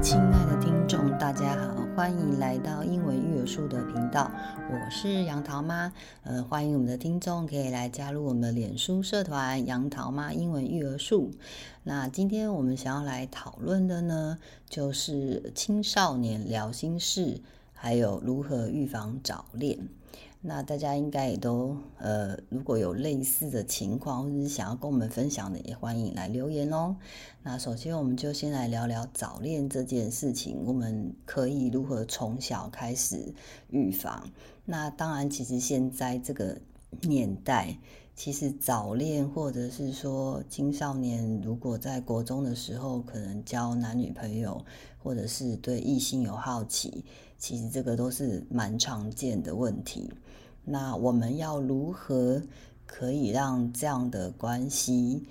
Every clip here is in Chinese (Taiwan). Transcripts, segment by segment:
親愛的聽眾，大家好，歡迎來到英文育兒術的頻道，我是楊桃媽。呃，歡迎我們的聽眾可以來加入我們的臉書社團楊桃媽英文育兒術。那今天我們想要來討論的呢，就是青少年聊心事，還有如何預防早戀。那大家應該也都呃，如果有類似的情況或者是想要跟我們分享的，也歡迎來留言哦。那首先，我們就先來聊聊早戀這件事情，我們可以如何從小開始預防。那當然，其實現在這個年代，其實早戀或者是說青少年，如果在國中的時候可能交男女朋友，或者是對異性有好奇，其實這個都是蠻常見的問題。那我們要如何可以讓這樣的關係，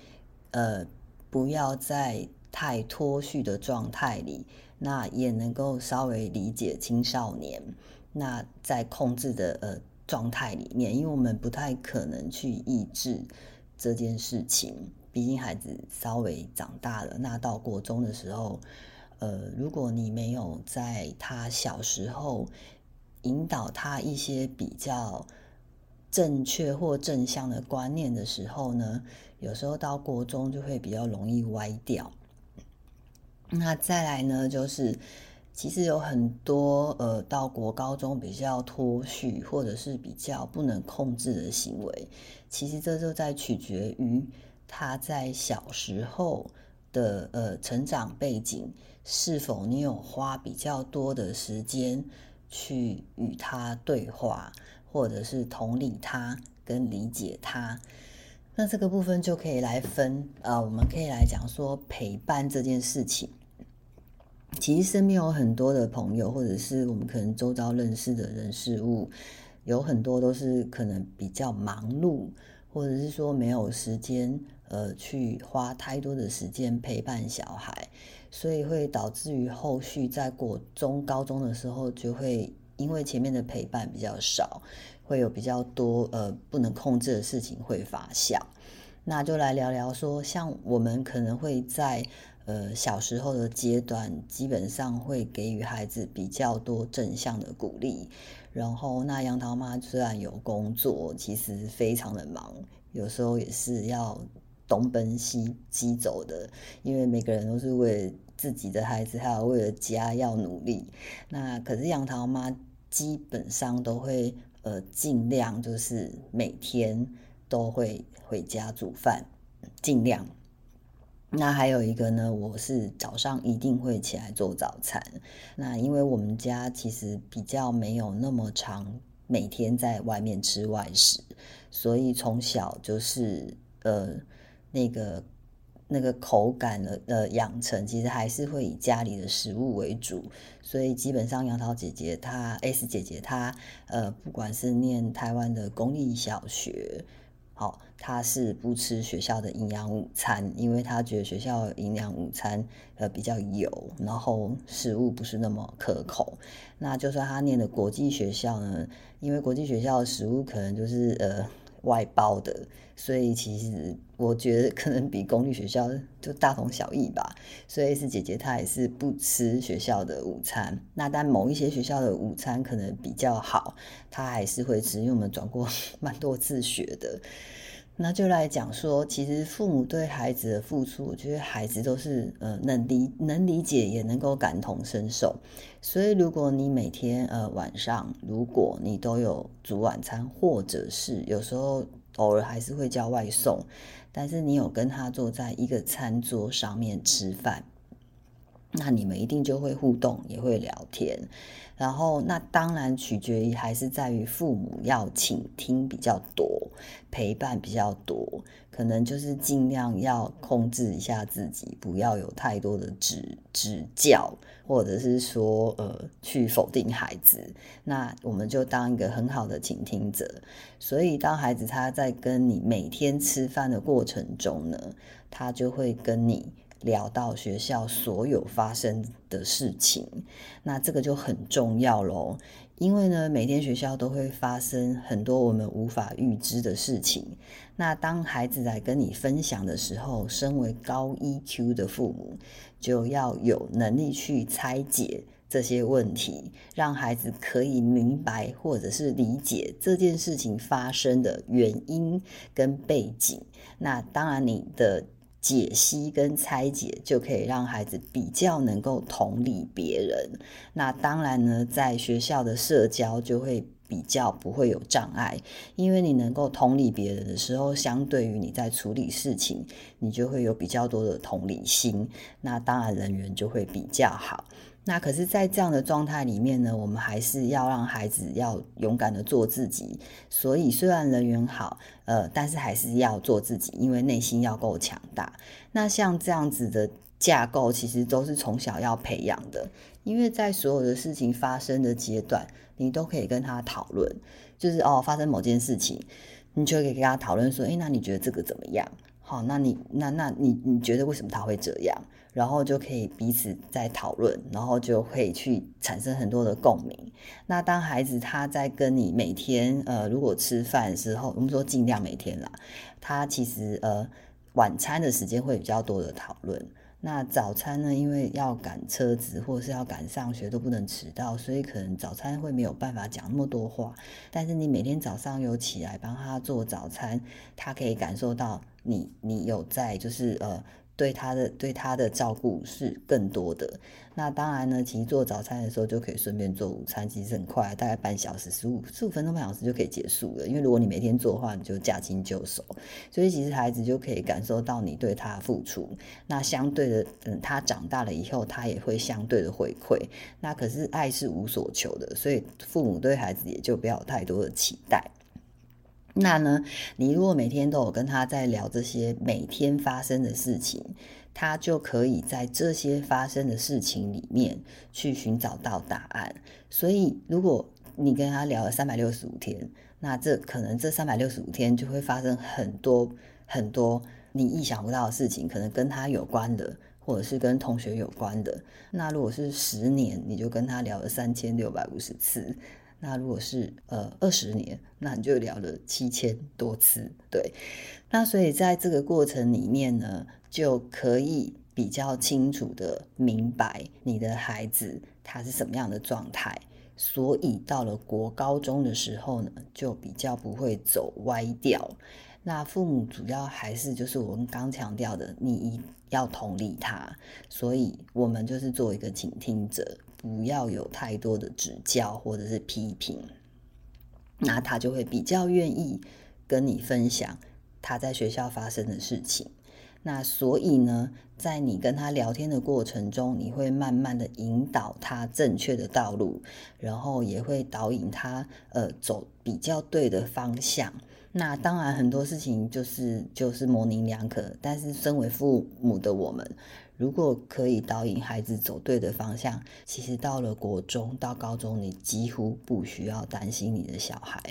呃，不要在太脫序的狀態裡，那也能夠稍微理解青少年，那在控制的，呃，狀態裡面，因為我們不太可能去抑制這件事情。畢竟孩子稍微長大了，那到國中的時候，呃，如果你沒有在他小時候。引導他一些比較正確或正向的觀念的時候呢，有時候到國中就會比較容易歪掉。那再來呢，就是其實有很多呃，到國高中比較脫序或者是比較不能控制的行為，其實這就在取決於他在小時候的呃成長背景，是否你有花比較多的時間，去與他對話，或者是同理他跟理解他，那這個部分就可以來分。啊、呃，我們可以來講說陪伴這件事情。其實身邊有很多的朋友，或者是我們可能周遭認識的人事物，有很多都是可能比較忙碌，或者是說沒有時間。呃，去花太多的時間陪伴小孩，所以會導致於後續在國中、高中的時候，就會因為前面的陪伴比較少，會有比較多呃不能控制的事情會發酵。那就來聊聊說，像我們可能會在呃小時候的階段，基本上會給予孩子比較多正向的鼓勵。然後，那楊桃媽雖然有工作，其實非常的忙，有時候也是要。東奔西走的，因為每個人都是為了自己的孩子，還有為了家要努力。那可是楊桃媽基本上都會呃盡量就是每天都會回家煮飯，盡量。那還有一個呢，我是早上一定會起來做早餐。那因為我們家其實比較沒有那麼常每天在外面吃外食，所以從小就是呃。那個那個口感的呃、養成，其實還是會以家裡的食物為主，所以基本上楊桃姐姐她 S 姐姐她呃不管是念台灣的公立小學，好、哦，她是不吃學校的營養午餐，因為她覺得學校營養午餐呃比較油，然後食物不是那麼可口。那就算她念的國際學校呢，因為國際學校的食物可能就是呃。外包的，所以其實我覺得可能比公立學校就大同小異吧。所以是姐姐她也是不吃學校的午餐，那但某一些學校的午餐可能比較好，她還是會吃。因為我們轉過蠻多次學的。那就來講說，其實父母對孩子的付出，我覺得孩子都是呃能理能理解，也能夠感同身受。所以，如果你每天呃晚上，如果你都有煮晚餐，或者是有時候偶爾還是會叫外送，但是你有跟他坐在一個餐桌上面吃飯。那你們一定就會互動，也會聊天，然後那當然取決於還是在於父母要傾聽比較多，陪伴比較多，可能就是盡量要控制一下自己，不要有太多的指指教，或者是說呃去否定孩子。那我們就當一個很好的傾聽者，所以當孩子他在跟你每天吃飯的過程中呢，他就會跟你。聊到學校所有發生的事情，那這個就很重要嘍。因為呢，每天學校都會發生很多我們無法預知的事情。那當孩子在跟你分享的時候，身為高 EQ 的父母，就要有能力去拆解這些問題，讓孩子可以明白或者是理解這件事情發生的原因跟背景。那當然，你的。解析跟拆解，就可以讓孩子比較能夠同理別人。那當然呢，在學校的社交就會比較不會有障礙，因為你能夠同理別人的時候，相對於你在處理事情，你就會有比較多的同理心。那當然人緣就會比較好。那可是，在這樣的狀態裡面呢，我們還是要讓孩子要勇敢的做自己。所以雖然人緣好，呃，但是還是要做自己，因為內心要夠強大。那像這樣子的架構，其實都是從小要培養的，因為在所有的事情發生的階段，你都可以跟他討論，就是哦，發生某件事情，你就可以跟他討論說，誒、欸，那你覺得這個怎麼樣？好，那你那那你你覺得為什麼他會這樣？然後就可以彼此在討論，然後就會去產生很多的共鳴。那當孩子他在跟你每天呃，如果吃飯的時候，我們說盡量每天啦，他其實呃晚餐的時間會比較多的討論。那早餐呢，因為要趕車子或者是要趕上學都不能遲到，所以可能早餐會沒有辦法講那麼多話。但是你每天早上有起來幫他做早餐，他可以感受到你你有在就是呃。對他的對他的照顧是更多的。那當然呢，其實做早餐的時候就可以順便做午餐，其實很快，大概半小時，十五、十五分鐘、半小時就可以結束了。因為如果你每天做的話，你就駕輕就熟，所以其實孩子就可以感受到你對他的付出。那相對的，等、嗯、他長大了以後，他也會相對的回饋。那可是愛是無所求的，所以父母對孩子也就不要有太多的期待。那呢？你如果每天都有跟他在聊這些每天發生的事情，他就可以在這些發生的事情裡面去尋找到答案。所以，如果你跟他聊了三百六十五天，那這可能這三百六十五天就會發生很多很多你意想不到的事情，可能跟他有關的，或者是跟同學有關的。那如果是十年，你就跟他聊了三千六百五十次。那如果是呃二十年，那你就聊了七千多次，對。那所以在這個過程裡面呢，就可以比較清楚的明白你的孩子他是什麼樣的狀態。所以到了國高中的時候呢，就比較不會走歪掉。那父母主要還是就是我們剛強調的，你一要同理他，所以我們就是做一個傾聽者，不要有太多的指教，或者是批評，那他就會比較願意跟你分享他在學校發生的事情。那所以呢，在你跟他聊天的過程中，你會慢慢的引導他正確的道路，然後也會導引他呃走比較對的方向。那當然很多事情就是就是模稜兩可，但是身為父母的我們，如果可以導引孩子走對的方向，其實到了國中、到高中，你幾乎不需要擔心你的小孩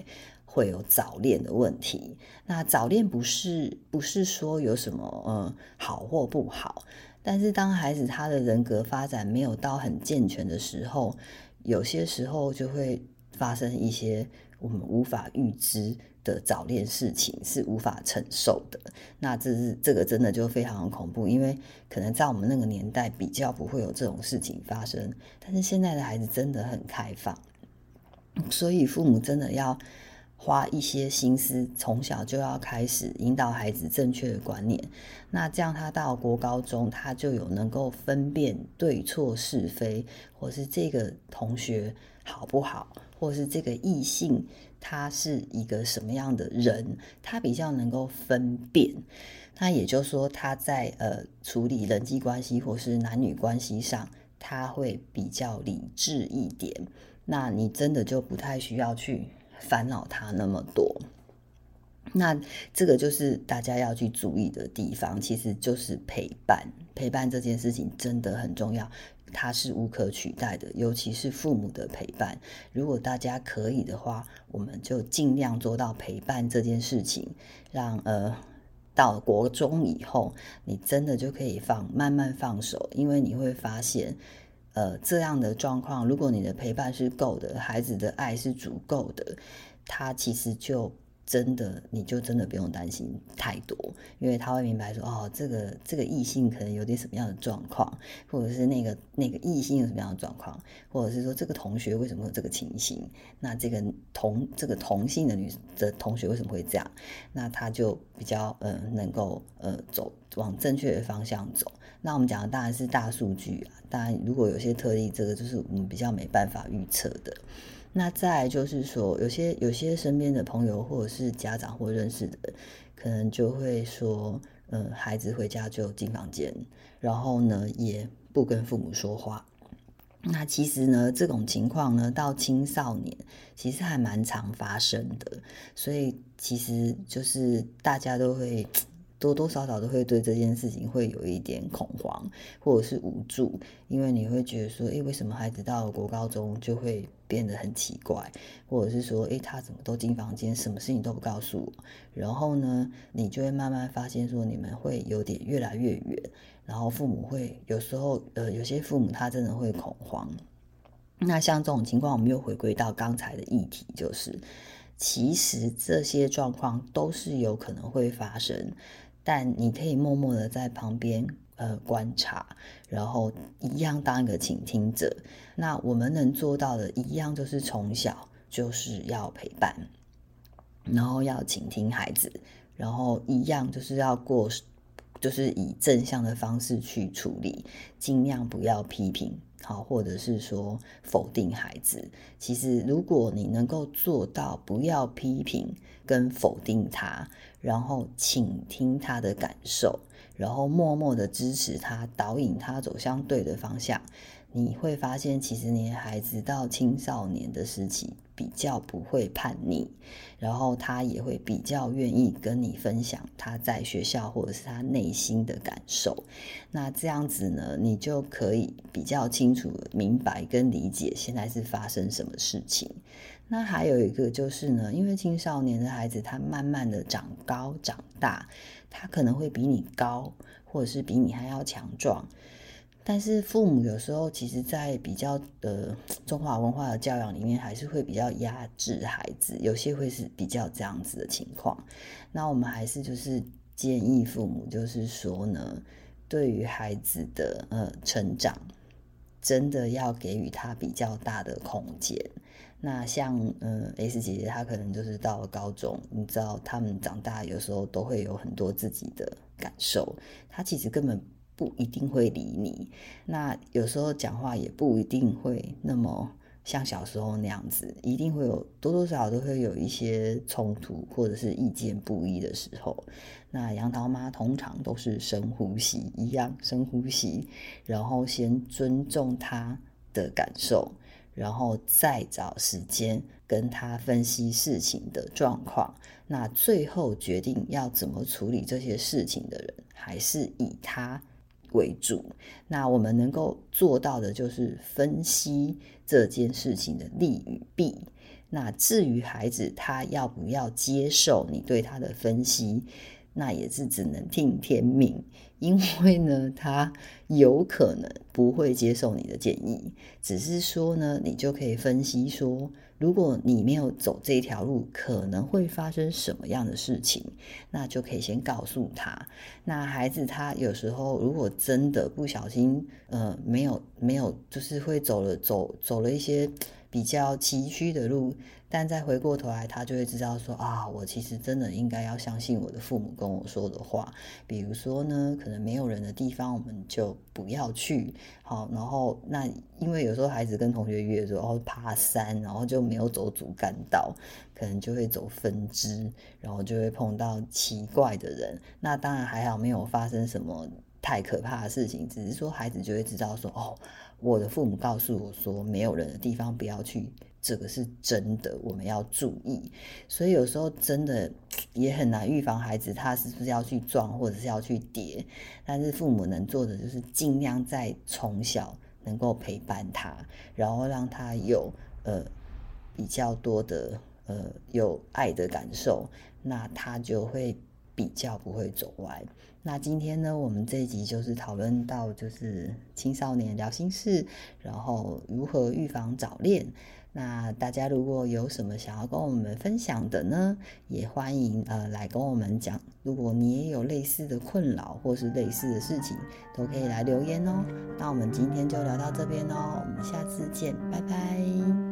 會有早戀的問題。那早戀不是不是說有什麼嗯好或不好，但是當孩子他的人格發展沒有到很健全的時候，有些時候就會。發生一些我們無法預知的早戀事情，是無法承受的，那這是這個真的就非常的恐怖，因為可能在我們那個年代比較不會有這種事情發生，但是現在的孩子真的很開放，所以父母真的要。花一些心思，從小就要開始引導孩子正確的觀念。那這樣他到國高中，他就有能夠分辨對錯是非，或是這個同學好不好，或是這個異性他是一個什麼樣的人，他比較能夠分辨。那也就是說，他在呃處理人際關係或是男女關係上，他會比較理智一點。那你真的就不太需要去。煩惱他那麼多，那這個就是大家要去注意的地方。其實就是陪伴，陪伴這件事情真的很重要，它是無可取代的。尤其是父母的陪伴，如果大家可以的話，我們就盡量做到陪伴這件事情。讓呃，到國中以後，你真的就可以放慢慢放手，因為你會發現。呃，這樣的狀況，如果你的陪伴是夠的，孩子的愛是足夠的，他其實就真的，你就真的不用擔心太多，因為他會明白說，哦，這個這個異性可能有點什麼樣的狀況，或者是那個那個異性有什麼樣的狀況，或者是說這個同學為什麼有這個情形，那這個同這個同性的女的同學為什麼會這樣，那他就比較呃能夠呃走往正確的方向走。那我們講的當然是大數據啊，當然如果有些特例，這個就是我們比較沒辦法預測的。那再來就是說，有些有些身邊的朋友或者是家長或認識的可能就會說，嗯，孩子回家就進房間，然後呢也不跟父母說話。那其實呢這種情況呢，到青少年其實還蠻常發生的，所以其實就是大家都會。多多少少都會對這件事情會有一點恐慌，或者是無助，因為你會覺得說，誒、欸，為什麼孩子到了國高中就會變得很奇怪，或者是說，誒、欸，他怎麼都進房間，什麼事情都不告訴我？然後呢，你就會慢慢發現說，你們會有點越來越遠，然後父母會有時候，呃，有些父母他真的會恐慌。那像這種情況，我們又回歸到剛才的議題，就是其實這些狀況都是有可能會發生。但你可以默默的在旁邊，呃，觀察，然後一樣當一個傾聽者。那我們能做到的一樣就是從小就是要陪伴，然後要傾聽孩子，然後一樣就是要過，就是以正向的方式去處理，盡量不要批評。好，或者是說否定孩子。其實，如果你能夠做到不要批評跟否定他，然後傾聽他的感受，然後默默的支持他，導引他走向對的方向，你會發現，其實你的孩子到青少年的時期，比較不會叛逆，然後他也會比較願意跟你分享他在學校或者是他內心的感受。那這樣子呢，你就可以比較清楚明白跟理解現在是發生什麼事情。那還有一個就是呢，因為青少年的孩子他慢慢的長高長大，他可能會比你高，或者是比你還要強壯。但是父母有時候其實，在比較的中華文化的教養裡面，還是會比較壓制孩子，有些會是比較這樣子的情況。那我們還是就是建議父母，就是說呢，對於孩子的呃成長，真的要給予他比較大的空間。那像嗯、呃、S 姐姐她可能就是到了高中，你知道他們長大有時候都會有很多自己的感受，她其實根本。不一定會理你，那有時候講話也不一定會那麼像小時候那樣子，一定會有多多少少都會有一些衝突或者是意見不一的時候。那楊桃媽通常都是深呼吸一樣深呼吸，然後先尊重她的感受，然後再找時間跟她分析事情的狀況。那最後決定要怎麼處理這些事情的人，還是以她。為主，那我們能夠做到的就是分析這件事情的利與弊。那至於孩子他要不要接受你對他的分析，那也是只能聽天命，因為呢，他有可能不會接受你的建議，只是說呢，你就可以分析說。如果你沒有走這條路，可能會發生什麼樣的事情？那就可以先告訴他。那孩子他有時候如果真的不小心，呃，沒有沒有，就是會走了，走，走了一些。比較崎嶇的路，但再回過頭來，他就會知道說啊，我其實真的應該要相信我的父母跟我說的話。比如說呢，可能沒有人的地方，我們就不要去。好，然後那因為有時候孩子跟同學約着，然後，哦，爬山，然後就沒有走主幹道，可能就會走分支，然後就會碰到奇怪的人。那當然還好，沒有發生什麼。太可怕的事情，只是說孩子就會知道說哦，我的父母告訴我說沒有人的地方不要去，這個是真的，我們要注意。所以有時候真的也很難預防孩子他是不是要去撞或者是要去跌，但是父母能做的就是盡量在從小能夠陪伴他，然後讓他有呃比較多的呃有愛的感受，那他就會，比較不會走歪。那今天呢，我們這一集就是討論到就是青少年聊心事，然後如何預防早戀。那大家如果有什麼想要跟我們分享的呢，也歡迎呃來跟我們講。如果你也有類似的困擾或是類似的事情，都可以來留言哦。那我們今天就聊到這邊嘍，我們下次見，拜拜。